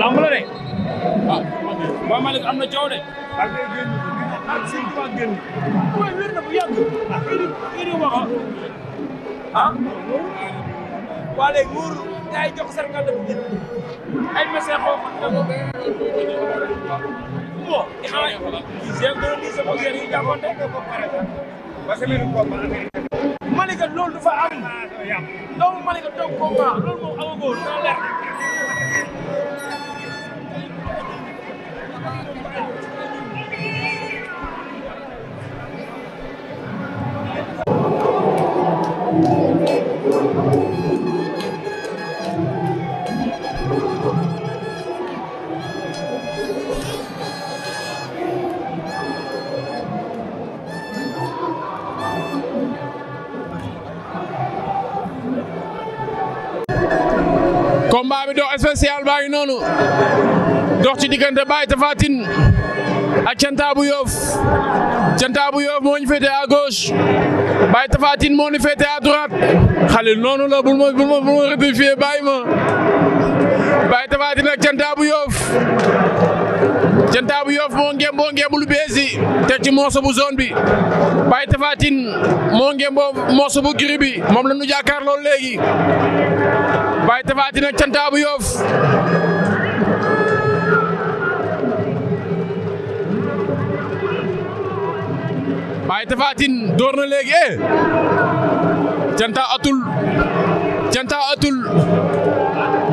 lamb la de waaw ah, mooy Malick am na coow de ak day génn ak sëñ Tuubaa génn mooy wér na bu yàgg idi waxa ah waa léegi nguur day jox sargal de ay message xoo bon ah jéem doon lii sama gerte yi jàppante parce que Malika loolu dafa am doomu Malika toog combat loolu moom amagoo na leer Thank you. combat bi dox spécial baa ngi noonu dox ci diggante Baye Tapha Tine ak Canta bu Yoff Canta bu Yoff moo ñu féete à bul ma bul ma bu zone bi Baye Tapha Tine moo ngem boo mooso bu gris bi moom la ñu jàkkaarloo léegi. waaye Tapha Tine ak Canta bu Yoff waaye Tapha door na léegi eh Canta atul Canta atul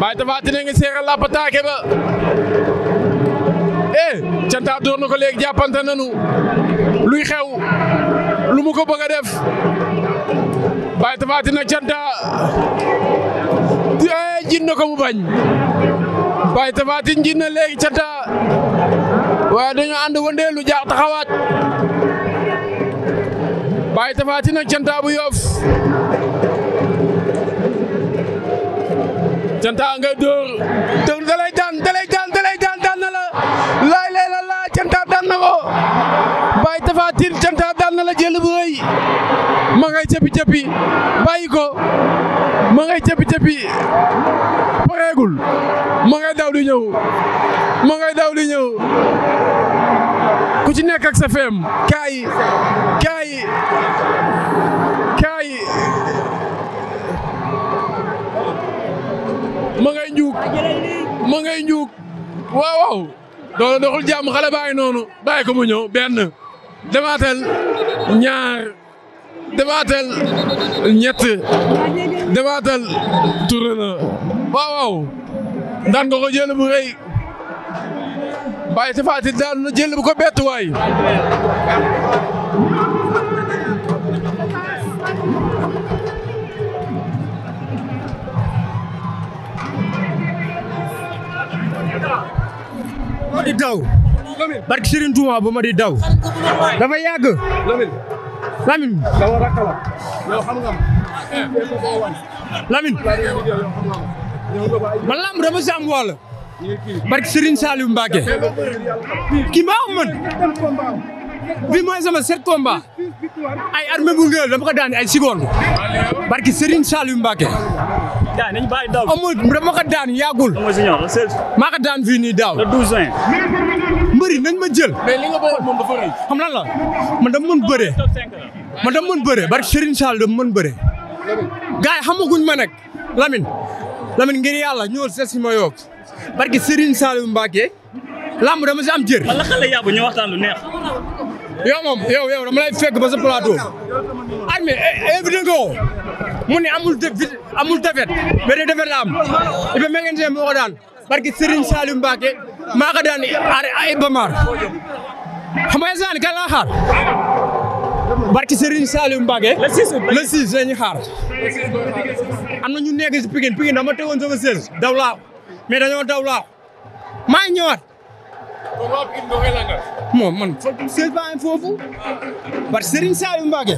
waaye Tapha Tine nga seeral la pataake ba eh Canta door na ko léegi jàppante nanu luy xew lu mu ko bëgg a def waaye Tapha jin na ko mu bañ waaye Tapha Tine jin na léegi cata waaye dañoo ànd wëndeelu jaax taxawaat waaye Tapha Tine ak canta bu yoof canta nga dóor dalay daan dalay daan dalay daan daan na la laay lay la laa canta daan na ko bu rëy ma ngay capi capi bàyyi ko ma ngay cëppi cëppi pareegul ma ngay daw di ñëw ma ngay daw di ñëw ku ci nekk ak sa feem kaay kayi kayi ma ngay njuug ma ngay njuug waaw waaw doon doxul jàmm xale bàyyi noonu bàyyi ko mu ñëw benn demaatal ñaar defaatal ñett defaatal tourné na waaw ko jël bu rëy waaye Tapha Tine daan na bu ko bett waay di daw barki Serigne Touba ba ma daw dafa yàgg Lamine. Lamine. man lamb dama si am wàll. barke Serigne Saliou Mbacké. kii maa am man. mooy sama sept combat ay armée bu ngeel dama daan ay seconde barki Serigne Saliou Mbacké yaa nañ bàyyi daw amul dama ko daan yàggul maa ko daan fii daaw mbëri nañ ma jël. mais li nga bëggoon moom la man dama mën bëree. man dama mën bëree barke Serigne Sall dama mën bëree. gars yi xamaguñ ma nag Lamine Lamine ngir yàlla ñëwal seet si ma yokk barke Serigne Sall Mbacke lamb dama si am jër. man la xale yàgg lay fekk ba sa plateau. armé eh, eh, invité nga ko mu ne amul def amul defet benn defet la am il faut que daan barke Serigne Sall Mbacke. maa ko daan ay bamaar xam nga instant kan laa xaar barki Serigne Saliou Mbacké le 6 le 6 la ñuy xaar am na ñu nekk si Pikine Pikine dama tegoon sama seize daw laaw dañoo daw laaw maa ngi ñëwaat moom man seize baa foofu barki Serigne Saliou Mbacké